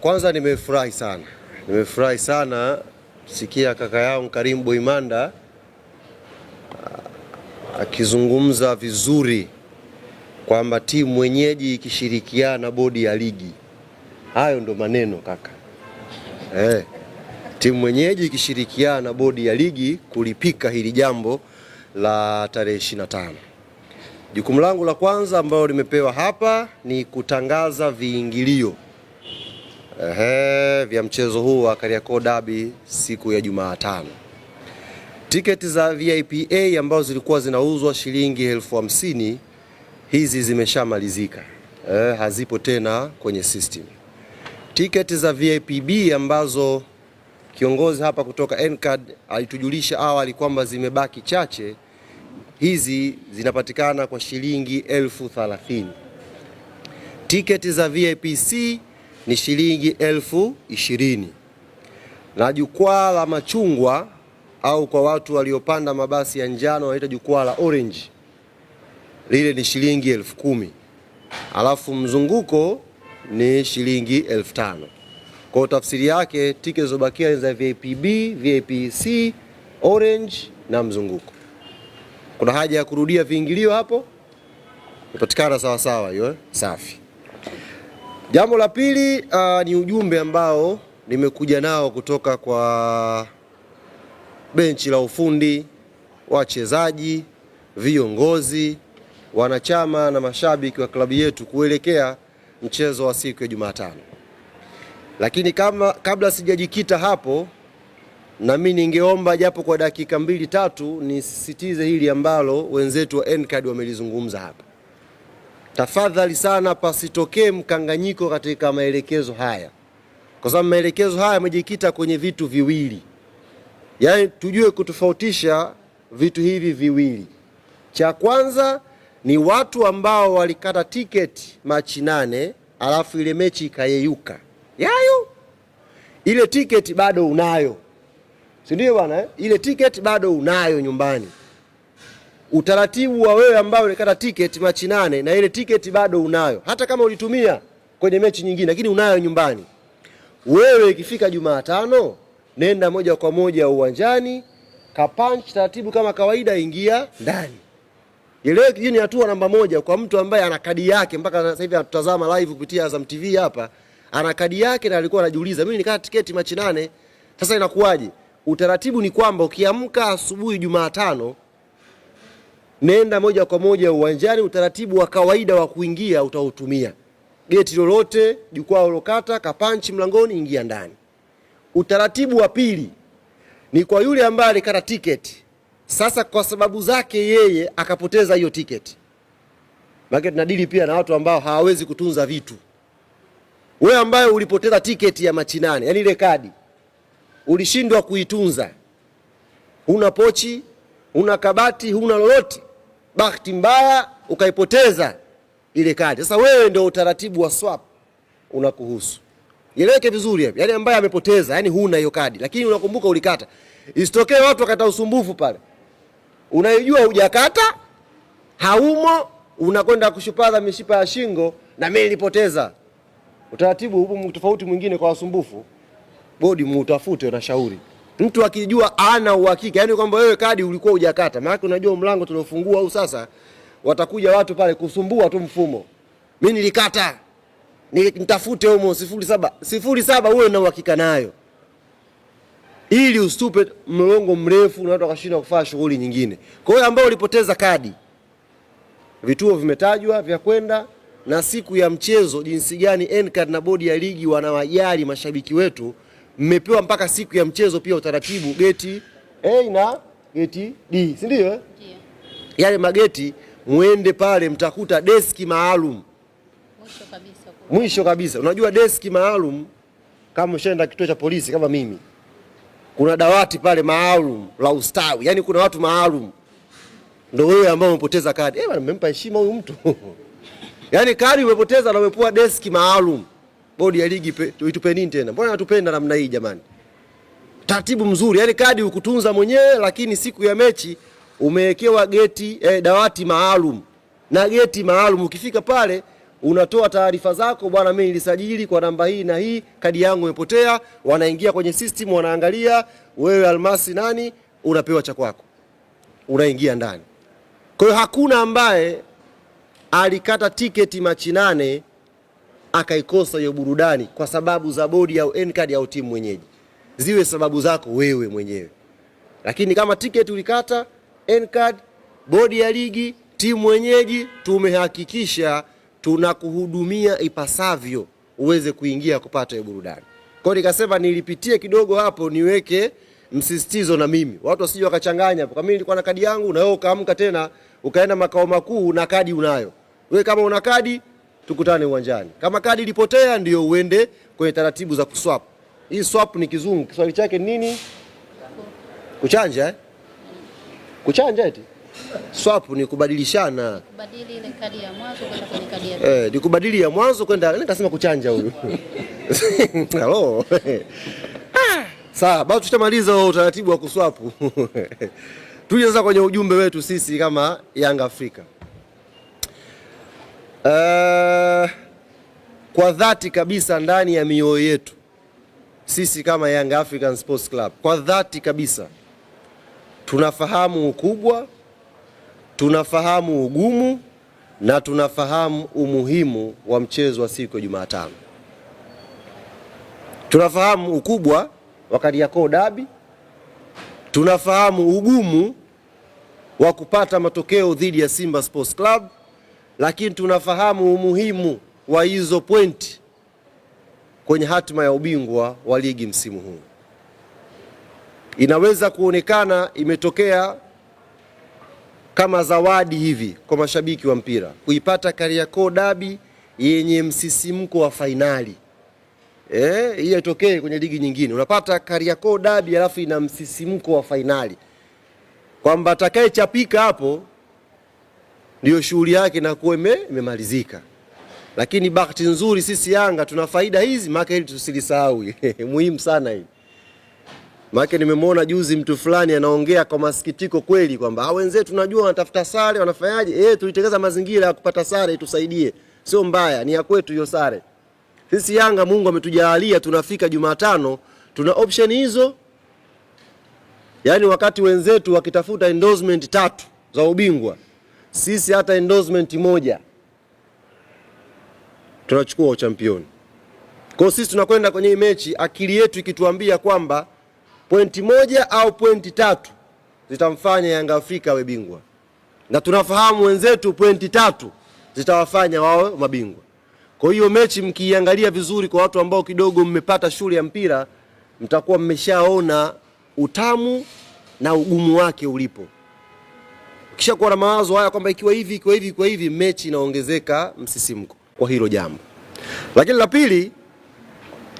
Kwanza nimefurahi sana, nimefurahi sana sikia kaka yangu Karim Boimanda ah, akizungumza vizuri kwamba timu mwenyeji ikishirikiana na bodi ya ligi. Hayo ndo maneno kaka eh, timu mwenyeji ikishirikiana na bodi ya ligi kulipika hili jambo la tarehe 25. Jukumu langu la kwanza ambalo nimepewa hapa ni kutangaza viingilio ehe, vya mchezo huu wa Kariakoo Derby siku ya Jumatano. Tiketi za VIP A ambazo zilikuwa zinauzwa shilingi elfu hamsini hizi zimeshamalizika, eh, hazipo tena kwenye system. Tiketi za VIP B ambazo kiongozi hapa kutoka Ncard alitujulisha awali kwamba zimebaki chache, hizi zinapatikana kwa shilingi elfu thalathini. Tiketi za VIP C ni shilingi elfu ishirini na jukwaa la machungwa au kwa watu waliopanda mabasi ya njano wanaita jukwaa la orange, lile ni shilingi elfu kumi alafu mzunguko ni shilingi elfu tano Kwa tafsiri yake tiketi zilizobakia ni za VIP B, VIP C, orange na mzunguko. Kuna haja ya kurudia viingilio hapo? Ipatikana sawasawa hiyo, eh? safi. Jambo la pili uh, ni ujumbe ambao nimekuja nao kutoka kwa benchi la ufundi, wachezaji, viongozi, wanachama na mashabiki wa klabu yetu kuelekea mchezo wa siku ya Jumatano. Lakini kama, kabla sijajikita hapo, na mimi ningeomba japo kwa dakika mbili tatu nisisitize hili ambalo wenzetu wa NCAD wamelizungumza hapa tafadhali sana pasitokee mkanganyiko katika maelekezo haya, kwa sababu maelekezo haya yamejikita kwenye vitu viwili, yaani tujue kutofautisha vitu hivi viwili. Cha kwanza ni watu ambao walikata tiketi Machi nane alafu ile mechi ikayeyuka yayo, ile tiketi bado unayo, si ndio bwana eh? Ile tiketi bado unayo nyumbani utaratibu wa wewe ambao ulikata tiketi Machi nane na ile tiketi bado unayo, hata kama ulitumia kwenye mechi nyingine, lakini unayo nyumbani, wewe ikifika Jumatano nenda moja kwa moja uwanjani, kapanch taratibu kama kawaida, ingia ndani. Ile hiyo ni hatua namba moja kwa mtu ambaye ana kadi yake. Mpaka sasa hivi anatutazama live kupitia Azam TV hapa, ana kadi yake na alikuwa anajiuliza, mimi nikata tiketi Machi nane, sasa inakuwaje? Utaratibu ni kwamba ukiamka asubuhi Jumatano nenda moja kwa moja uwanjani, utaratibu wa kawaida wa kuingia utautumia. Geti lolote, jukwaa lolokata, kapanchi mlangoni, ingia ndani. Utaratibu wa pili ni kwa yule ambaye alikata tiketi, sasa kwa sababu zake yeye akapoteza hiyo tiketi. Maana tunadili pia na watu ambao hawawezi kutunza vitu. Wewe ambaye ulipoteza tiketi ya machinane, yani ile kadi ulishindwa kuitunza, huna pochi, huna kabati, huna lolote bahati mbaya ukaipoteza ile kadi. Sasa wewe ndio utaratibu wa swap unakuhusu. Ieleweke vizuri hapo. Yaani ambaye amepoteza, yani huna hiyo kadi, lakini unakumbuka ulikata. Isitokee watu wakata usumbufu pale. Unaijua hujakata, haumo, unakwenda kushupaza mishipa ya shingo na mimi nilipoteza. Utaratibu huu tofauti mwingine kwa wasumbufu. Bodi muutafute na shauri mtu akijua ana uhakika yani kwamba wewe kadi ulikuwa hujakata, maana unajua mlango tuliofungua au sasa watakuja watu pale kusumbua tu mfumo. Mimi nilikata, nitafute humo sifuri saba sifuri saba, uwe na uhakika nayo, ili usitupe mlongo mrefu na watu wakashindwa kufanya shughuli nyingine. Kwa hiyo ambao ulipoteza kadi, vituo vimetajwa vya kwenda na siku ya mchezo, jinsi gani NCAD na bodi ya ligi wanawajali mashabiki wetu mmepewa mpaka siku ya mchezo pia utaratibu geti A na geti D, si ndio? Yale mageti muende pale, mtakuta deski maalum mwisho kabisa. Mwisho kabisa, unajua deski maalum kama ushaenda kituo cha polisi kama mimi, kuna dawati pale maalum la ustawi, yaani kuna watu maalum ndio wewe ambao umepoteza kadi. Eh, mmempa heshima huyu mtu yaani kadi umepoteza na umepua deski maalum bodi ya ligi itupe nini tena? Mbona hatupenda namna hii jamani? Taratibu mzuri, yani kadi ukutunza mwenyewe, lakini siku ya mechi umewekewa geti eh, dawati maalum na geti maalum. Ukifika pale unatoa taarifa zako, bwana, mimi nilisajili kwa namba hii na hii, kadi yangu imepotea. Wanaingia kwenye system, wanaangalia wewe Almasi nani, unapewa cha kwako, unaingia ndani. Kwa hiyo hakuna ambaye alikata tiketi machi nane akaikosa hiyo burudani kwa sababu za bodi au Ncard au timu mwenyeji, ziwe sababu zako wewe mwenyewe. Lakini kama tiketi ulikata Ncard, bodi ya ligi, timu mwenyeji, tumehakikisha tunakuhudumia ipasavyo uweze kuingia kupata hiyo burudani. Kwa hiyo nikasema nilipitie kidogo hapo niweke msisitizo na mimi watu wasije wakachanganya. Kwa mimi nilikuwa na kadi yangu, na wewe ukaamka tena ukaenda makao makuu na kadi unayo wewe, kama una kadi tukutane uwanjani. Kama kadi ilipotea, ndio uende kwenye taratibu za kuswap. Hii swap ni kizungu, Kiswahili chake nini? Kuchanja eh? Kuchanja eti swap ni kubadilishana, kubadili ile kadi ya mwanzo kwenda kwenye kadi ya pili. Eh, ni kubadili ya mwanzo kwenda, kasema kuchanja huyu Hello. Sawa, bado tutamaliza utaratibu wa kuswapu. Tuje sasa kwenye ujumbe wetu sisi kama Yanga Afrika. Uh, kwa dhati kabisa ndani ya mioyo yetu sisi kama Young African Sports Club, kwa dhati kabisa tunafahamu ukubwa, tunafahamu ugumu na tunafahamu umuhimu wa mchezo wa siku ya Jumatano. Tunafahamu ukubwa wa Kariakoo Dabi, tunafahamu ugumu wa kupata matokeo dhidi ya Simba Sports Club lakini tunafahamu umuhimu wa hizo pointi kwenye hatima ya ubingwa wa ligi msimu huu. Inaweza kuonekana imetokea kama zawadi hivi kwa mashabiki wa mpira kuipata Kariakoo dabi yenye msisimko wa fainali. Eh, hiyo itokee kwenye ligi nyingine, unapata Kariakoo dabi alafu ina msisimko wa fainali, kwamba atakayechapika hapo ndio shughuli yake inakuwa imemalizika. Lakini bahati nzuri sisi Yanga tuna faida hizi, maana ili tusilisahau muhimu sana hii Maana nimemwona juzi mtu fulani anaongea kwa masikitiko kweli kwamba ah, wenzetu tunajua wanatafuta sare wanafanyaje, eh, tulitengeza mazingira ya kupata sare itusaidie. Sio mbaya, ni ya kwetu hiyo sare. Sisi Yanga Mungu ametujalia tunafika Jumatano tuna option hizo. Yaani wakati wenzetu wakitafuta endorsement tatu za ubingwa sisi hata endorsement moja tunachukua uchampioni. Kwa sisi tunakwenda kwenye hii mechi akili yetu ikituambia kwamba pointi moja au pointi tatu zitamfanya Yanga Afrika awe bingwa, na tunafahamu wenzetu pointi tatu zitawafanya wawe mabingwa. Kwa hiyo mechi mkiiangalia vizuri, kwa watu ambao kidogo mmepata shule ya mpira, mtakuwa mmeshaona utamu na ugumu wake ulipo. Kisha kuwa na mawazo haya kwamba ikiwa hivi ikiwa hivi ikiwa hivi, mechi inaongezeka msisimko kwa hilo jambo. Lakini la pili,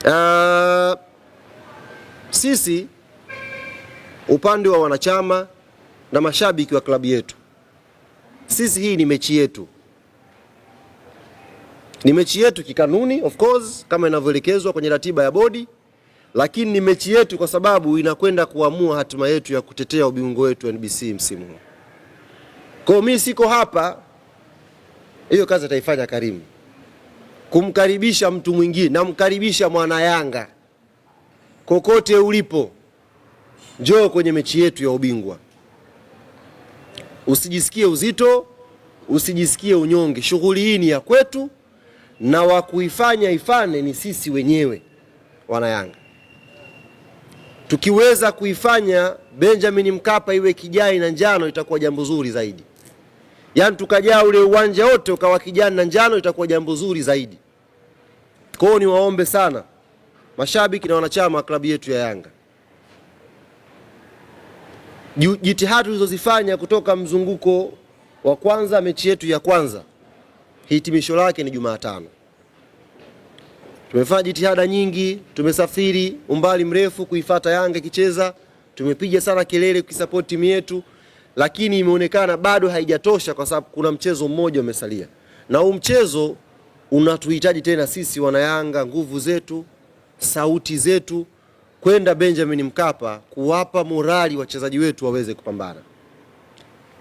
uh, sisi upande wa wanachama na mashabiki wa klabu yetu, sisi hii ni mechi yetu, ni mechi yetu kikanuni, of course, kama inavyoelekezwa kwenye ratiba ya bodi, lakini ni mechi yetu kwa sababu inakwenda kuamua hatima yetu ya kutetea ubingwa wetu NBC msimu huu. Kwa mimi siko hapa, hiyo kazi ataifanya Karimu, kumkaribisha mtu mwingine. Namkaribisha mwana Yanga kokote ulipo, njoo kwenye mechi yetu ya ubingwa. Usijisikie uzito, usijisikie unyonge. Shughuli hii ni ya kwetu, na wa kuifanya ifane ni sisi wenyewe wana Yanga. Tukiweza kuifanya Benjamin Mkapa iwe kijani na njano, itakuwa jambo zuri zaidi yaani tukajaa ule uwanja wote ukawa kijani na njano, itakuwa jambo zuri zaidi. Kwa hiyo niwaombe sana mashabiki na wanachama wa klabu yetu ya Yanga, jitihada tulizozifanya kutoka mzunguko wa kwanza, mechi yetu ya kwanza, hitimisho lake ni Jumatano. Tumefanya jitihada nyingi, tumesafiri umbali mrefu kuifata Yanga ikicheza, tumepiga sana kelele kuisapoti timu yetu lakini imeonekana bado haijatosha, kwa sababu kuna mchezo mmoja umesalia, na huu mchezo unatuhitaji tena sisi Wanayanga, nguvu zetu, sauti zetu, kwenda Benjamin Mkapa kuwapa morali wachezaji wetu waweze kupambana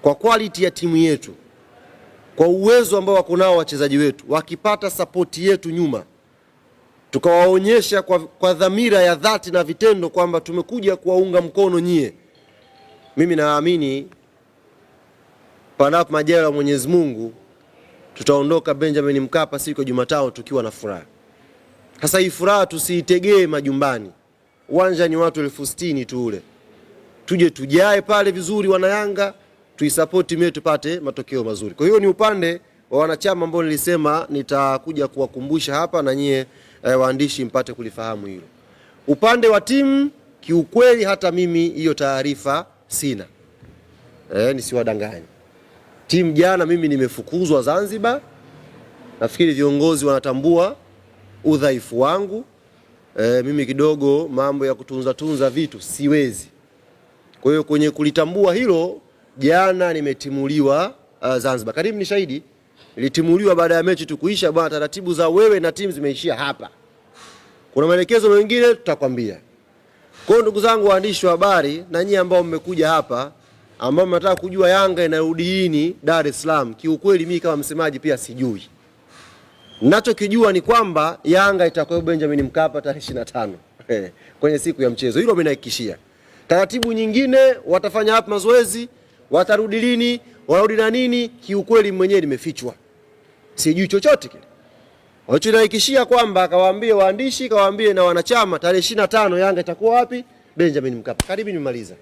kwa quality ya timu yetu, kwa uwezo ambao wako nao wachezaji wetu. Wakipata sapoti yetu nyuma, tukawaonyesha kwa, kwa dhamira ya dhati na vitendo kwamba tumekuja kuwaunga mkono nyie, mimi naamini panapo majaliwa ya Mwenyezi Mungu tutaondoka Benjamin Mkapa siku ya Jumatano tukiwa na furaha. Sasa hii furaha tusiitegee majumbani. Uwanja ni watu elfu sitini tu ule, tuje tujae pale vizuri, wanayanga tuisapoti mie tupate matokeo mazuri. Kwa hiyo ni upande wa wanachama ambao nilisema nitakuja kuwakumbusha hapa na nyie eh, waandishi mpate kulifahamu hilo. Upande wa timu kiukweli, hata mimi hiyo taarifa sina eh, nisiwadanganye timu jana, mimi nimefukuzwa Zanzibar. Nafikiri viongozi wanatambua udhaifu wangu. E, mimi kidogo mambo ya kutunza tunza vitu siwezi. Kwa hiyo kwenye kulitambua hilo, jana nimetimuliwa uh, Zanzibar. Karibu ni shahidi, nilitimuliwa baada ya mechi tukuisha, bwana, taratibu za wewe na timu zimeishia hapa, kuna maelekezo mengine tutakwambia. Kwa hiyo ndugu zangu waandishi wa habari na nyie ambao mmekuja hapa ambao mnataka kujua Yanga inarudi lini Dar es Salaam, kiukweli mimi kama msemaji pia sijui. Ninachokijua ni kwamba Yanga itakuwa Benjamin Mkapa tarehe 25 eh, kwenye siku ya mchezo, hilo mnaikishia. Taratibu nyingine watafanya hapa mazoezi, watarudi lini, warudi na nini, kiukweli mwenyewe nimefichwa, sijui chochote kile. Walichonaikishia kwamba kawaambie waandishi, kawaambie na wanachama tarehe 25 Yanga itakuwa wapi? Benjamin Mkapa. Karibu nimemaliza.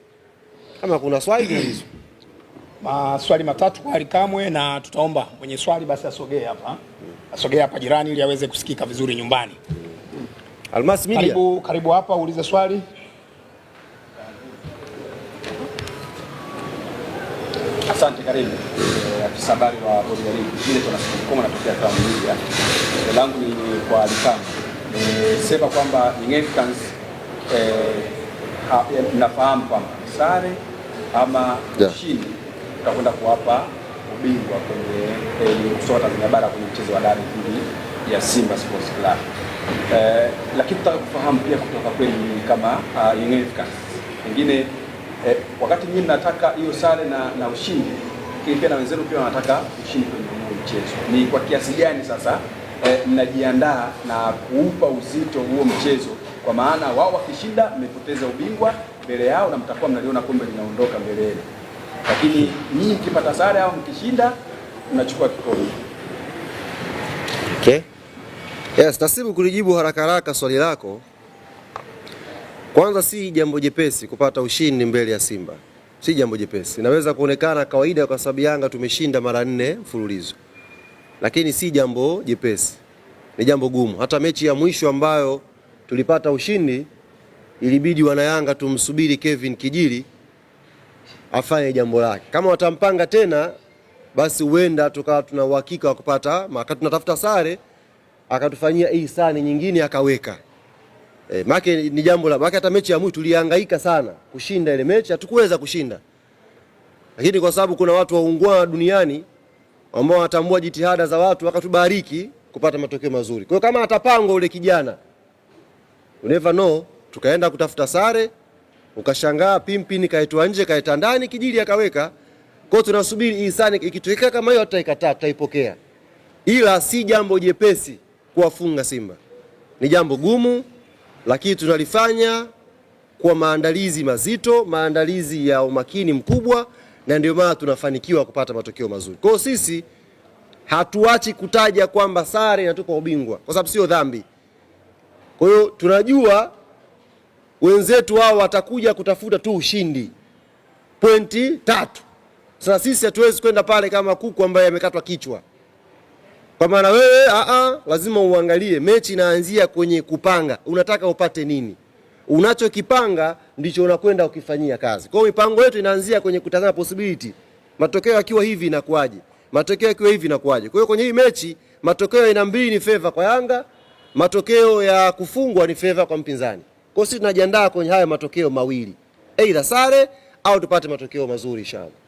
Kama kuna swali hizo maswali matatu kwa Alikamwe, na tutaomba mwenye swali basi asogee hapa, asogee hapa jirani, ili aweze kusikika vizuri nyumbani. Almas Media, karibu, karibu hapa uulize swali. Asante, karibu eh, afisa habari wa bodi ya ligi vile tunasikilikoma natokea Crown Media. Swali langu ni kwa Alikamwe, eh, sema kwamba Young Africans, eh, nafahamu kwamba sare ama yeah. yeah. utakwenda kuwapa ubingwa kwenye kusoka eh, Tanzania bara kwenye mchezo wa dari dhidi ya Simba Sports Club. Eh, lakini tutaka kufahamu pia kutoka kwenu kama uh, Young Africans pengine eh, wakati nyinyi mnataka hiyo sare na, na ushindi lakini pia na wenzenu pia wanataka ushindi kwenye mchezo, ni kwa kiasi gani sasa eh, mnajiandaa na kuupa uzito huo mchezo, kwa maana wao wakishinda mmepoteza ubingwa mbele yao na mtakuwa mnaliona kombe linaondoka mbele yenu, lakini nyinyi mkipata sare au mkishinda mnachukua kikombe. Okay. Yes, Nasibu, kulijibu haraka haraka swali lako, kwanza si jambo jepesi kupata ushindi mbele ya Simba, si jambo jepesi. Inaweza kuonekana kawaida kwa sababu Yanga tumeshinda mara nne mfululizo, lakini si jambo jepesi, ni jambo gumu. Hata mechi ya mwisho ambayo tulipata ushindi ilibidi wanayanga tumsubiri Kevin Kijili afanye jambo lake. Kama watampanga tena, basi huenda tukawa tuna uhakika wa kupata maka, tunatafuta sare akatufanyia hii sare nyingine akaweka e, maana ni jambo la maana. Hata mechi ya mwisho tulihangaika sana kushinda ile mechi, hatukuweza kushinda, lakini kwa sababu kuna watu waungwana duniani ambao wanatambua jitihada za watu, wakatubariki kupata matokeo mazuri. Kwa hiyo kama atapangwa ule kijana, you never know tukaenda kutafuta sare, ukashangaa pimpini kaitoa nje kaita ndani, kijili akaweka kwao. Tunasubiri hii sare ikitokea kama hiyo, tutaikataa tutaipokea, ila si jambo jepesi kuwafunga Simba, ni jambo gumu, lakini tunalifanya kwa maandalizi mazito, maandalizi ya umakini mkubwa, na ndio maana tunafanikiwa kupata matokeo mazuri. Kwa hiyo sisi hatuachi kutaja kwamba sare inatupa ubingwa, kwa sababu sio dhambi. Kwa hiyo tunajua wenzetu wao watakuja kutafuta tu ushindi, pointi tatu. Sasa sisi hatuwezi kwenda pale kama kuku ambaye amekatwa kichwa. Kwa maana wewe a a, lazima uangalie mechi inaanzia kwenye kupanga, unataka upate nini? Unachokipanga ndicho unakwenda ukifanyia kazi. Kwa hiyo mipango yetu inaanzia kwenye kutazama possibility, matokeo yakiwa hivi inakuaje? Matokeo yakiwa hivi inakuaje? Kwa hiyo kwenye hii mechi matokeo ina mbili ni favor kwa Yanga, matokeo ya kufungwa ni favor kwa mpinzani. Kwa hiyo sisi tunajiandaa kwenye haya matokeo mawili, aidha sare au tupate matokeo mazuri inshallah.